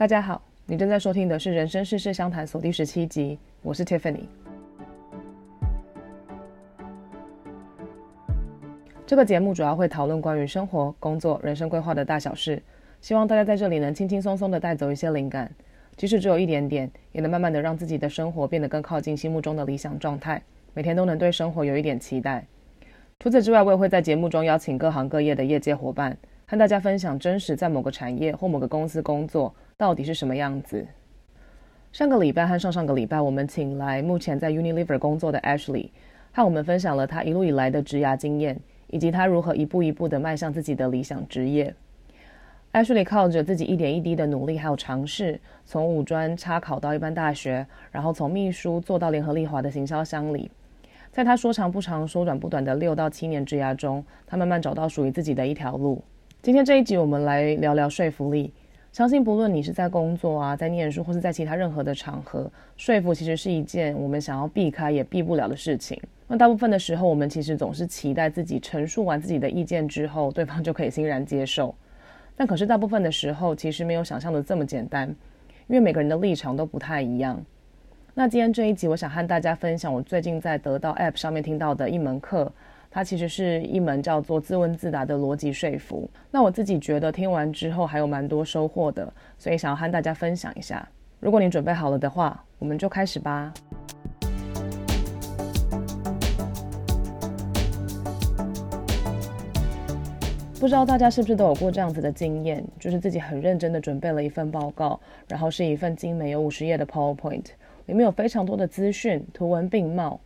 大家好，你正在收聽的是《人生仕事相談所》第十七集，我是 Tiffany。這個節目主要會討論關於生活、工作、人生規劃的大小事，希望大家在這裡能輕輕松松的帶走一些靈感，即使只有一點點，也能慢慢的讓自己的生活變得更靠近心目中的理想狀態，每天都能對生活有一點期待。除此之外，我也會在節目中邀請各行各業的業界伙伴。和大家分享真實在某個產業或某個公司工作到底是什麼樣子。上個禮拜和上上個禮拜，我們請來目前在 Unilever 工作的 Ashley，和我們分享了他一路以來的職涯經驗，以及他如何一步一步的邁向自己的理想職業。Ashley 靠着自己一點一滴的努力還有嘗試，從五專插考到一般大學，然後從秘書做到聯合利華的行銷襄理。在他說長不長，說短不短的六到七年職涯中，他慢慢找到屬於自己的一條路。今天這一集，我們來聊聊說服力。相信不論你是在工作啊，在念書，或是在其他任何的場合，說服其實是一件我們想要避開也避不了的事情。那大部分的時候，我們其實總是期待自己陳述完自己的意見之後，對方就可以欣然接受。但可是，大部分的時候，其實沒有想象的這麼簡單，因為每個人的立場都不太一樣。那今天這一集，我想和大家分享我最近在得到 App 上面聽到的一門課。它其實是一門叫做自問自答的邏輯說服。那我自己覺得聽完之後還有蠻多收穫的，所以想要和大家分享一下。如果你準備好了的話，我們就開始吧。不知道大家是不是都有過這樣子的經驗，就是自己很認真的準備了一份報告，然後是一份精美有五十頁的 PowerPoint，裡面有非常多的資訊，圖文並茂。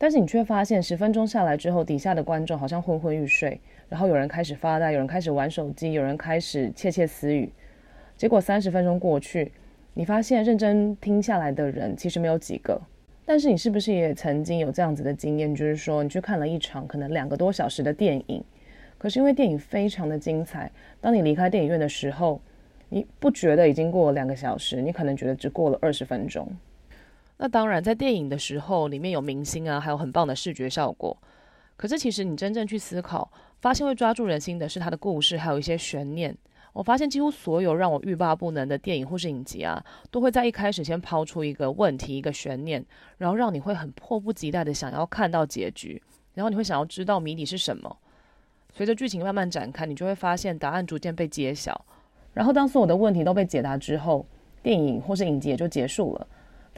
但是你卻發現，十分鐘下來之後，底下的觀眾好像昏昏欲睡，然後有人開始發呆，有人開始玩手機，有人開始竊竊私語。結果三十分鐘過去，你發現認真聽下來的人其實沒有幾個。但是你是不是也曾經有這樣子的經驗？就是說，你去看了一場可能兩個多小時的電影，可是因為電影非常的精彩，當你離開電影院的時候，你不覺得已經過了兩個小時，你可能覺得只過了二十分鐘。那當然，在電影的時候，裡面有明星啊，還有很棒的視覺效果。可是，其實你真正去思考，發現會抓住人心的是它的故事，還有一些懸念。我發現，幾乎所有讓我欲罷不能的電影或是影集啊，都會在一開始先拋出一個問題、一個懸念，然後讓你會很迫不及待的想要看到結局，然後你會想要知道謎底是什麼。隨着劇情慢慢展開，你就會發現答案逐漸被揭曉。然後，當所有的問題都被解答之後，電影或是影集也就結束了。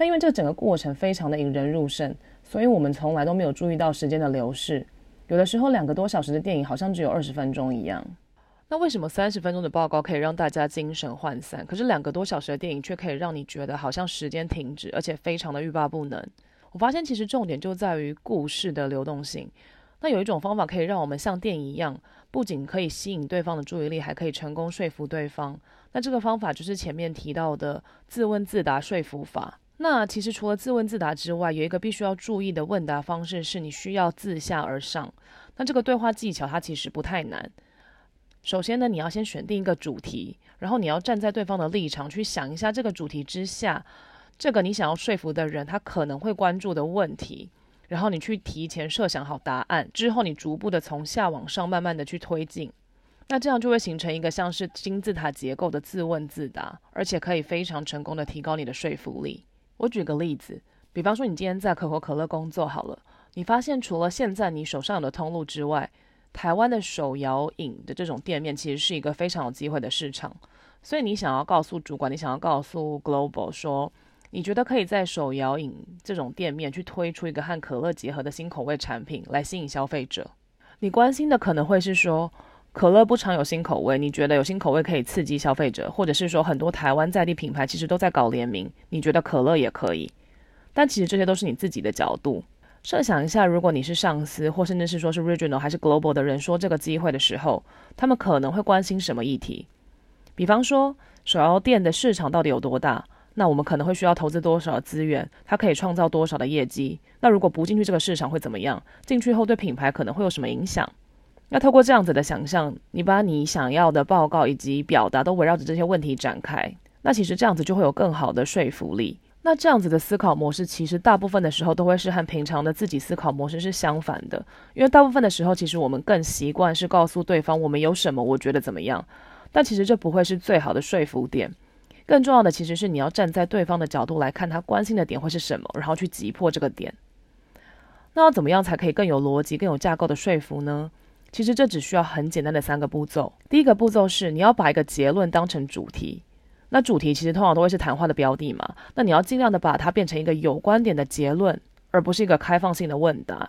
但因為這整個過程非常的引人入勝，所以我們從來都沒有注意到時間的流逝。有的時候兩個多小時的電影好像只有二十分鐘一樣。那為什麼三十分鐘的報告可以讓大家精神渙散，可是兩個多小時的電影卻可以讓你覺得好像時間停止，而且非常的欲罷不能？我發現其實重點就在於故事的流動性。那有一種方法可以讓我們像電影一樣，不僅可以吸引對方的注意力，還可以成功說服對方。那這個方法就是前面提到的自問自答說服法。那其實除了自問自答之外，有一個必須要注意的問答方式是你需要自下而上。那這個對話技巧它其實不太難。首先呢，你要先選定一個主題，然後你要站在對方的立場去想一下這個主題之下，這個你想要說服的人他可能會關注的問題，然後你去提前設想好答案，之後你逐步的從下往上慢慢的去推進，那這樣就會形成一個像是金字塔結構的自問自答，而且可以非常成功的提高你的說服力。我舉個例子，比方說你今天在可口可樂工作好了，你發現除了現在你手上有的通路之外，台灣的手搖飲的這種店面其實是一個非常有機會的市場，所以你想要告訴主管，你想要告訴 Global 說，你覺得可以在手搖飲這種店面去推出一個和可樂結合的新口味產品來吸引消費者，你關心的可能會是說，可樂不常有新口味，你覺得有新口味可以刺激消費者，或者是說很多台灣在地品牌其實都在搞聯名，你覺得可樂也可以。但其實這些都是你自己的角度。設想一下，如果你是上司，或甚至是說是 regional 還是 global 的人說這個機會的時候，他們可能會關心什麽議題？比方說，手搖店的市場到底有多大？那我們可能會需要投資多少的資源？它可以創造多少的業績？那如果不進去這個市場會怎麼樣？進去後對品牌可能會有什麼影響？那透過這樣子的想象你把你想要的報告以及表達都圍繞着這些問題展開。那其實這樣子就會有更好的說服力。那這樣子的思考模式，其實大部分的時候都會是和平常的自己思考模式是相反的。因為大部分的時候，其實我們更習慣是告訴對方我們有什麼，我覺得怎麼樣。但其實這不會是最好的說服點。更重要的其實是你要站在對方的角度來看他關心的點會是什麼，然後去擊破這個點。那要怎麼樣才可以更有邏輯、更有架構的說服呢？其實這只需要很簡單的三個步驟。第一個步驟是你要把一個結論當成主題，那主題其實通常都會是談話的標的嘛。那你要儘量的把它變成一個有觀點的結論，而不是一個開放性的問答。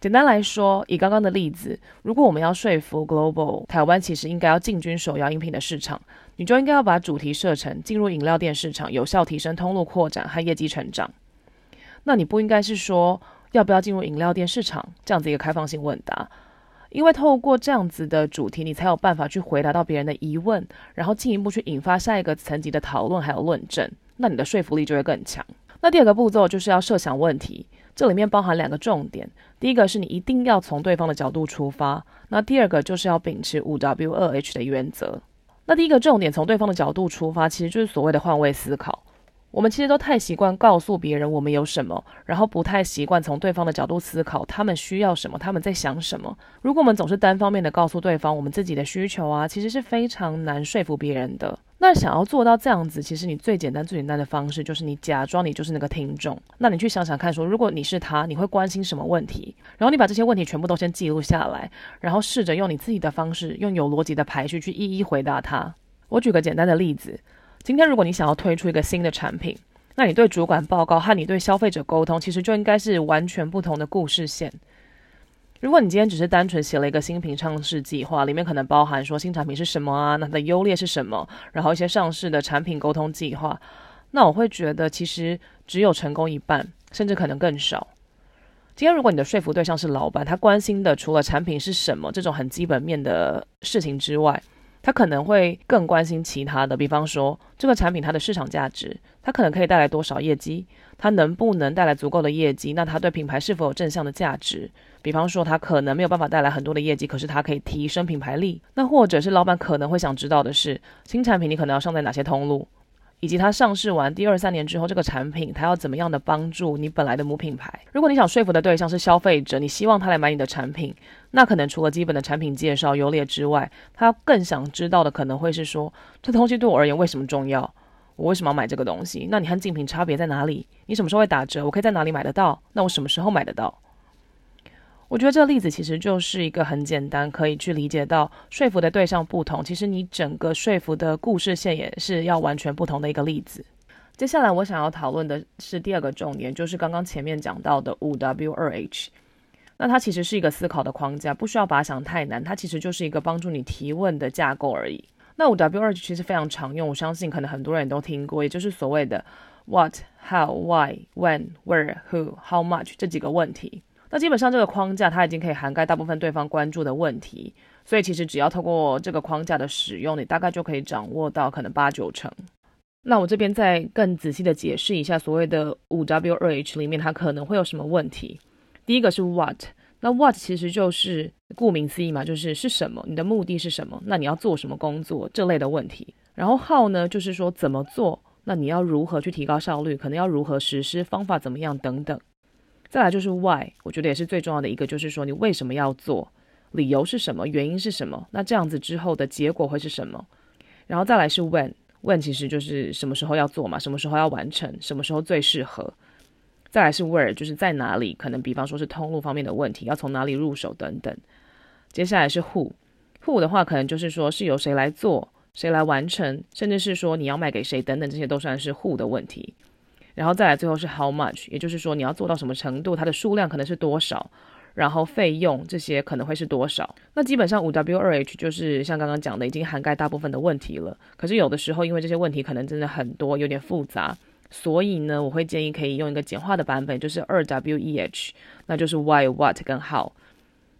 簡單來說，以剛剛的例子，如果我們要說服 Global 台灣其實應該要進軍手搖飲品的市場，你就應該要把主題設成進入飲料店市場，有效提升通路擴展和業績成長。那你不應該是說要不要進入飲料店市場這樣子一個開放性問答。因為透過這樣子的主題，你才有辦法去回答到別人的疑問，然後進一步去引發下一個層級的討論還有論證，那你的說服力就會更強。那第二個步驟就是要設想問題，這裡面包含兩個重點，第一個是你一定要從對方的角度出發，那第二個就是要秉持五 W 二 H 的原則。那第一個重點從對方的角度出發，其實就是所謂的換位思考。我們其實都太習慣告訴別人我們有什麼，然後不太習慣從對方的角度思考他們需要什麼，他們在想什麼。如果我們總是單方面的告訴對方我們自己的需求啊，其實是非常難說服別人的。那想要做到這樣子，其實你最簡單、最簡單的方式就是你假裝你就是那個聽眾。那你去想想看，說如果你是他，你會關心什麼問題？然後你把這些問題全部都先記錄下來，然後試着用你自己的方式，用有邏輯的排序去一一回答他。我舉個簡單的例子。今天如果你想要推出一個新的產品，那你對主管報告和你對消費者溝通，其實就應該是完全不同的故事線。如果你今天只是單純寫了一個新品上市計劃，裡面可能包含說新產品是什麼啊，那它的優劣是什麼，然後一些上市的產品溝通計劃，那我會覺得其實只有成功一半，甚至可能更少。今天如果你的說服對象是老闆，他關心的除了產品是什麼，這種很基本面的事情之外，他可能會更關心其他的，比方說這個產品它的市場價值，它可能可以帶來多少業績，它能不能帶來足夠的業績？那它對品牌是否有正向的價值？比方說它可能沒有辦法帶來很多的業績，可是它可以提升品牌力。那或者是老板可能會想知道的是，新產品你可能要上在哪些通路，以及它上市完第二三年之後，這個產品它要怎麼樣的幫助你本來的母品牌？如果你想說服的對象是消費者，你希望他來買你的產品，那可能除了基本的產品介紹、優劣之外，他更想知道的可能會是說，這東西對我而言為什麼重要？我為什麼要買這個東西？那你和競品差別在哪裡？你什麼時候會打折？我可以在哪裡買得到？那我什麼時候買得到？我覺得這個例子其實就是一個很簡單，可以去理解到說服的對象不同，其實你整個說服的故事線也是要完全不同的一個例子。接下來我想要討論的是第二個重點，就是剛剛前面講到的五 W 二 H。那它其實是一個思考的框架，不需要把它想太難，它其實就是一個幫助你提問的架構而已。那五 W 二 H 其實非常常用，我相信可能很多人都聽過，也就是所謂的 What、How、Why、When、Where、Who、How much 這幾個問題。那基本上這個框架它已經可以涵蓋大部分對方關注的問題，所以其實只要透過這個框架的使用，你大概就可以掌握到可能八九成。那我這邊再更仔細的解釋一下所謂的五 W 二 H 裡面它可能會有什麼問題。第一個是 What，那 What 其實就是顧名思義嘛，就是是什麼，你的目的是什麼，那你要做什麼工作這類的問題。然後 How 呢，就是說怎麼做，那你要如何去提高效率，可能要如何實施，方法怎麼樣等等。再來就是 why，我覺得也是最重要的一個，就是說你為什麼要做，理由是什麼，原因是什麼？那這樣子之後的結果會是什麼？然後再來是 when，when 其實就是什麼時候要做嘛，什麼時候要完成，什麼時候最適合？再來是 where，就是在哪裡？可能比方說是通路方面的問題，要從哪裡入手等等。接下來是 who，who who 的話可能就是說是由誰來做，誰來完成，甚至是說你要賣給誰等等，這些都算是 who 的問題。然後再來，最後是 how much，也就是說你要做到什麼程度，它的數量可能是多少，然後費用這些可能會是多少。那基本上五 W 二 H 就是像剛剛講的，已經涵蓋大部分的問題了。可是有的時候，因為這些問題可能真的很多，有點複雜，所以呢，我會建議可以用一個簡化的版本，就是二 W 一 H，那就是 why、what、跟 how。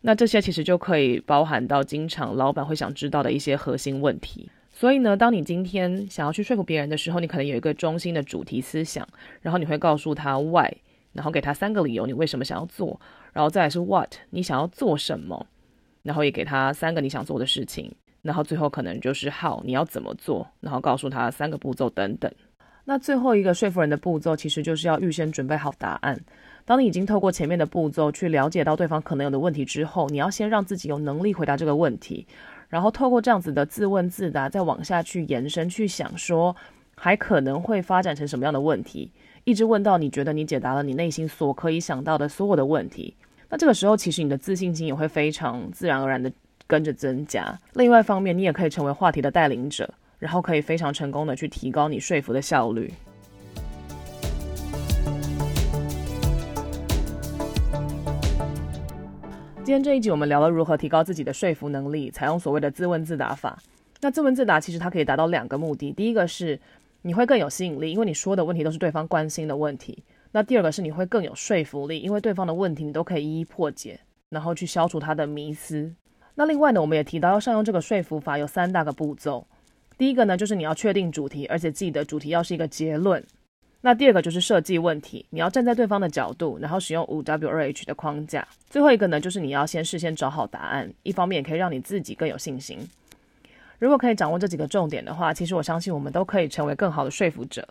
那這些其實就可以包含到經常老板會想知道的一些核心問題。所以呢，當你今天想要去說服別人的時候，你可能有一個中心的主題思想，然後你會告訴他 why，然後給他三個理由你為什麼想要做，然後再來是 what，你想要做什麼，然後也給他三個你想做的事情，然後最後可能就是 how，你要怎麼做，然後告訴他三個步驟等等。那最後一個說服人的步驟，其實就是要預先準備好答案。當你已經透過前面的步驟去了解到對方可能有的問題之後，你要先讓自己有能力回答這個問題。然後透過這樣子的自問自答，再往下去延伸去想，說還可能會發展成什麼樣的問題，一直問到你覺得你解答了你內心所可以想到的所有的問題。那這個時候，其實你的自信心也會非常自然而然的跟着增加。另外一方面，你也可以成為話題的帶領者，然後可以非常成功的去提高你說服的效率。今天這一集我們聊了如何提高自己的說服能力，採用所謂的自問自答法。那自問自答其實它可以達到兩個目的：第一個是你會更有吸引力，因為你說的問題都是對方關心的問題；那第二個是你會更有說服力，因為對方的問題你都可以一一破解，然後去消除他的迷思。那另外呢，我們也提到要善用這個說服法有三大個步驟：第一個呢，就是你要確定主題，而且記得主題要是一個結論。那第二個就是設計問題，你要站在對方的角度，然後使用五 W 二 H 的框架。最後一個呢，就是你要先事先找好答案，一方面也可以讓你自己更有信心。如果可以掌握這幾個重點的話，其實我相信我們都可以成為更好的說服者。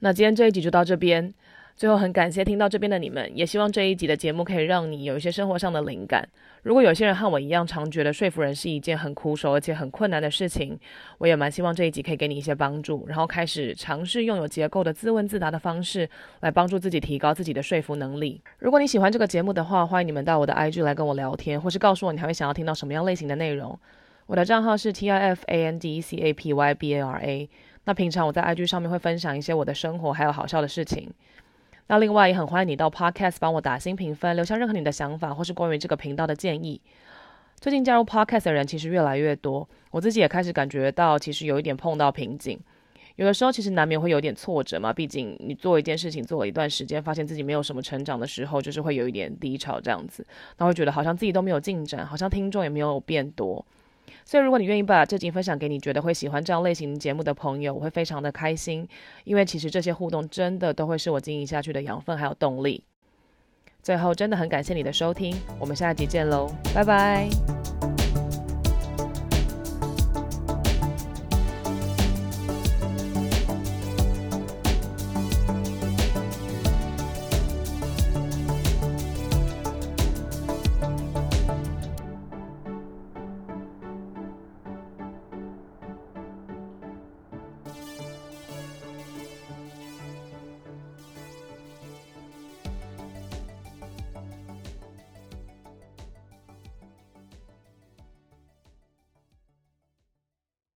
那今天這一集就到這邊。最後，很感謝聽到這邊的你們，也希望這一集的節目可以讓你有一些生活上的靈感。如果有些人和我一樣，常覺得說服人是一件很苦手而且很困難的事情，我也蠻希望這一集可以給你一些幫助，然後開始嘗試用有結構的自問自答的方式來幫助自己提高自己的說服能力。如果你喜歡這個節目的話，歡迎你們到我的 IG 來跟我聊天，或是告訴我你還會想要聽到什麼樣類型的內容。我的賬號是 TIFANDCAPYBARA。那平常我在 IG 上面會分享一些我的生活還有好笑的事情。那另外也很歡迎你到 Podcast 幫我打新評分，留下任何你的想法或是關於這個頻道的建議。最近加入 Podcast 的人其實越來越多，我自己也開始感覺到其實有一點碰到瓶頸，有的時候其實難免會有點挫折嘛。畢竟你做一件事情做了一段時間，發現自己沒有什麼成長的時候，就是會有一點低潮這樣子，那會覺得好像自己都沒有進展，好像聽眾也沒有變多。所以，如果你願意把這集分享給你覺得會喜歡這樣類型節目的朋友，我會非常的開心，因為其實這些互動真的都會是我經營下去的養分還有動力。最後，真的很感謝你的收聽，我們下一集見嘍，拜拜。